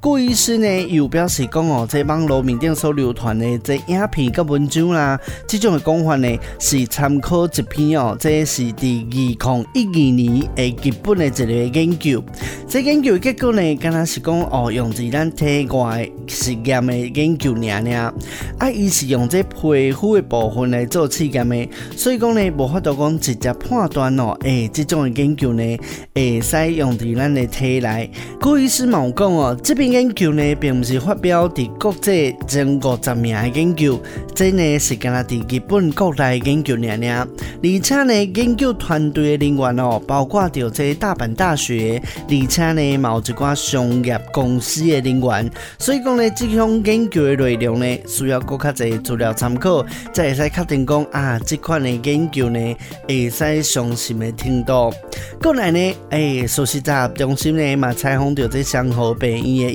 顧醫師呢又表示講哦，網絡面頂所流傳的這影片及文章啦、啊，這種的講法呢，是參考一篇哦，這是佇二零一二年的基本的一個研究，這研究結果呢，敢若是講哦，用自然體外實驗的研究量量，啊，伊是用這皮膚的部分來做試驗的。所以講呢，無法度講直接判斷哦，誒、欸，這種的研究呢，誒，使用自然的體內，顧醫師嘛，有講哦，這邊。研究呢，並唔是發表佇國際、中國知名嘅研究，真呢是敢拿大、日本國內研究。念念，而且呢，研究團隊嘅人員哦，包括到這大阪大學的，而且呢，某一寡商業公司嘅人員。所以講呢，這項研究嘅內容呢，需要更加多資料參考，才會使確定講啊，這款嘅研究呢，會使相信嘅程度。國內呢，誒、欸，熟悉大中心呢，嘛採訪到這湘和病院嘅。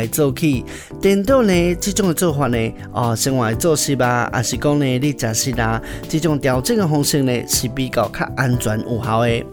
來做起，等到呢，這種嘅做法呢，哦、啊，生活外做事吧，啊，是講呢，你食食啦，這種調整嘅方式呢，是比較比較安全有效嘅。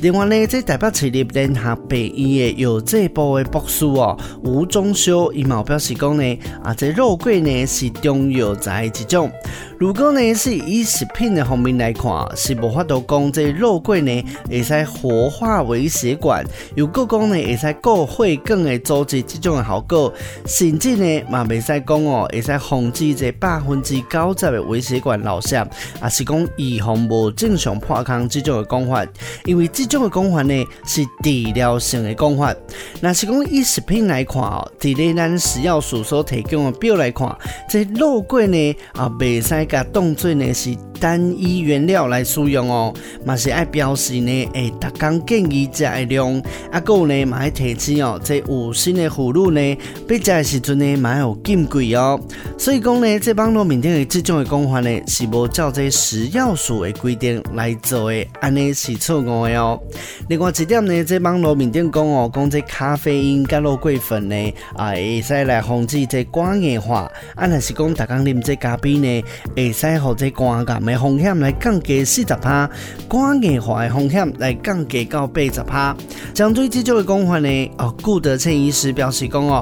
另外呢，這代表企業聯合被醫嘅藥劑部嘅博士哦，吳忠修，伊嘛表示講呢，啊，這肉桂呢是中藥材一種。如果呢是以食品嘅方面來看，是無法度講，這肉桂呢會使活化微血管。如果講呢，會使骨會更會組織，這種嘅好。個甚至呢，咪未使講哦，會使防止即百分之九十的微血管漏失。也是講預防無正常破孔即種嘅講法，因為即種嘅講法呢，是治療性的講法。嗱，是講以食品來看哦，以呢啲食藥署所提供嘅表來看，即肉桂呢，啊，未使甲當做呢，是單一原料來使用哦，咪是愛表示呢，誒，逐工建議食量，阿、啊、個呢，咪喺提示哦，即有新嘅葫蘆呢。比較時陣咧，蠻有禁忌，哦，所以講呢，這幫路面頂嘅這種嘅講法呢，是無照這食藥署嘅規定來做嘅，安尼是錯誤嘅哦。另外一點呢，這幫路面頂講哦，講這咖啡因加肉桂粉咧，啊，會使來防止這肝硬化，安、啊、尼是講大家啉這咖啡呢，會使讓這肝癌嘅風險來降低四十趴，肝硬化嘅風險來降低到八十趴。這對這種嘅講法呢，哦，顧德青醫師表示講哦。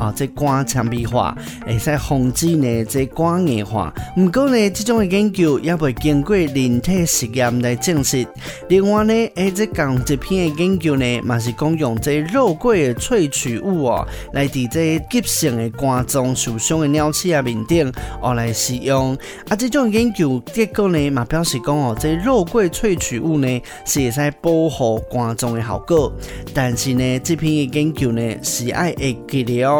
啊、哦！這肝纖維化會使防止呢，這肝硬化不過呢，這種的研究也未經過人體實驗來證實。另外呢，一直講這篇的研究呢，嘛是講用這肉桂的萃取物哦，來佇這急性誒肝臟受傷嘅鳥鼠啊面頂哦來使用。啊，這種研究結果呢，嘛表示講哦，這肉桂萃取物呢是會使保護肝臟嘅效果，但是呢，這篇嘅研究呢是愛下結論，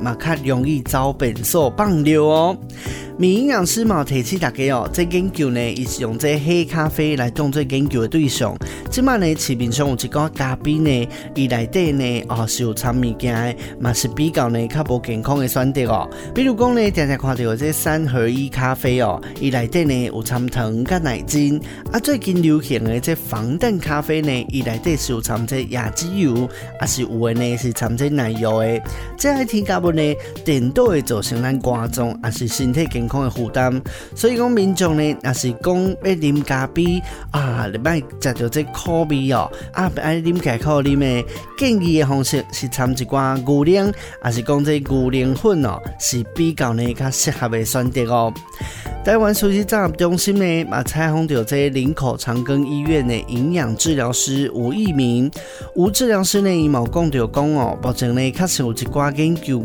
嘛較容易遭變數傍流哦。米營養師嘛提醒大家哦，這個、研究呢，也是用這黑咖啡來當做研究的對象。即賣呢，市面上有一個咖啡呢，伊內底呢哦是有摻物件，嘛是比較呢較無健康嘅選擇哦。比如講呢，常常看到有這三合一咖啡哦，伊內底呢有摻糖加奶精。啊，最近流行嘅這防彈咖啡呢，伊內底是有摻這椰子油，啊是有嘅呢是摻這奶油嘅。即係添加咧，頂多會造成咱肝臟也是身體健康嘅負擔，所以講民眾呢也是講要啉咖啡啊，你莫食到這苦味哦，啊不愛啉解可樂咩？建議嘅方式是摻一寡牛奶，也是講這牛奶粉哦，是比較呢較適合嘅選擇哦。台灣首席整合中心呢把採訪到這林口長庚醫院嘅營養治療師吳義民，吳治療師呢伊嘛講到講哦，目前呢確實有一寡研究。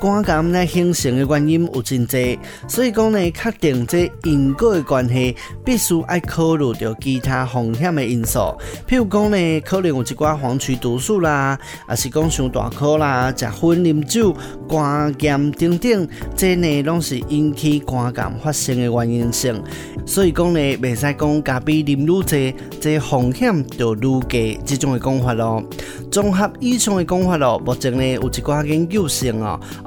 肝癌那形成的原因有真多，所以講呢，確定這因果嘅關係，必須愛考慮着其他風險嘅因素，譬如講呢，可能有一寡黃曲毒素啦，也是講上大顆啦，食熏、啉酒、肝炎、等等，這呢攏是引起肝癌發生嘅原因性。所以講呢，未使講咖啡啉愈多，這風險就愈低，這種嘅講法咯。綜合以上嘅講法咯，目前呢有一寡研究性哦。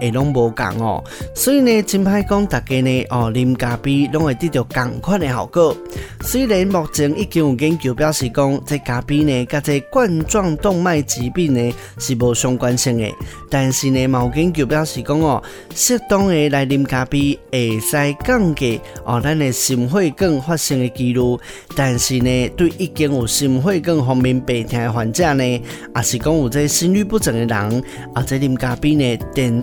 會攏無共哦，所以呢，真歹講大家呢，哦，啉咖啡攏會得到共款的效果。雖然目前已經有研究表示講，即、這個、咖啡呢，甲即冠狀動脈疾病呢，是無相關性的，但是呢，也有研究表示講，哦，適當的來啉咖啡，會使降低哦，咱嘅心血管發生嘅幾率。但是呢，對已經有心血管方面病態患者呢，也是講有只心律不整嘅人，或者啉咖啡呢，電。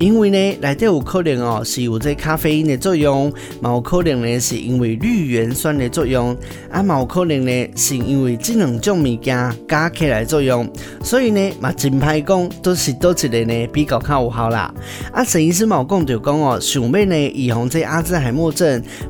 因為呢，內底有可能哦是有這咖啡因的作用，冇可能呢是因為綠原酸的作用，啊冇可能呢是因為這兩種物件加起來作用，所以呢嘛，真歹講都是叨一個呢比較較有效啦。啊，神醫師冇講就講哦，想要呢預防這阿茲海默症。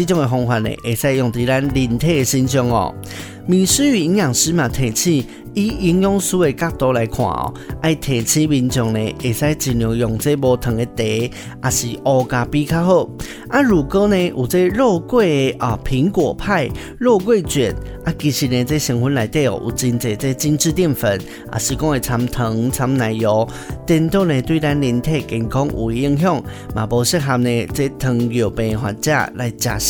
這種嘅方法呢，會使用在咱人體嘅身上哦。美食與營養師嘛，提倡以營養師嘅角度來看哦，愛提倡民眾呢，會使盡量用這無糖嘅茶，也是烏加比較好。啊，如果呢有這肉桂啊、蘋果派、肉桂卷啊，其實呢這成分內底哦，有真濟這精致澱粉，啊是講會摻糖、摻奶油，等等咧，對咱人體健康有影響，嘛不適合呢這糖尿病患者來食。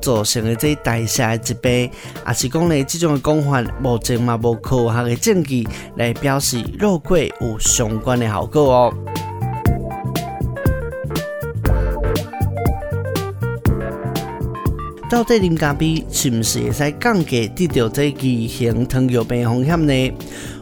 造成嘅這代謝疾病，也是講呢這種嘅講法，目前嘛無科學嘅證據來表示肉桂有相關嘅效果哦、喔。到底啉咖啡是唔是會使降低得到這畸形糖尿病風險呢？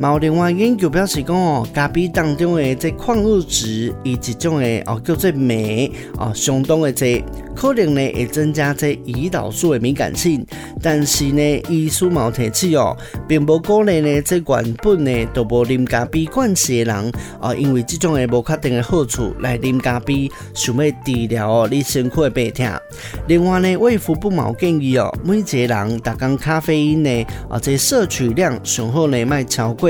毛另外研究表示講咖啡當中的這礦物質以及種的、哦、叫做鎂哦，相當的多、這個，可能呢會增加這胰島素的敏感性。但是呢，醫師冇提醒哦，並冇鼓勵呢這原本呢都冇啉咖啡慣習的人哦，因為這種的冇確定的好處來啉咖啡，想要治療哦你身體的病痛。另外呢，衛福部冇建議哦，每一個人逐工咖啡因呢哦這攝、個、取量最好呢賣超過。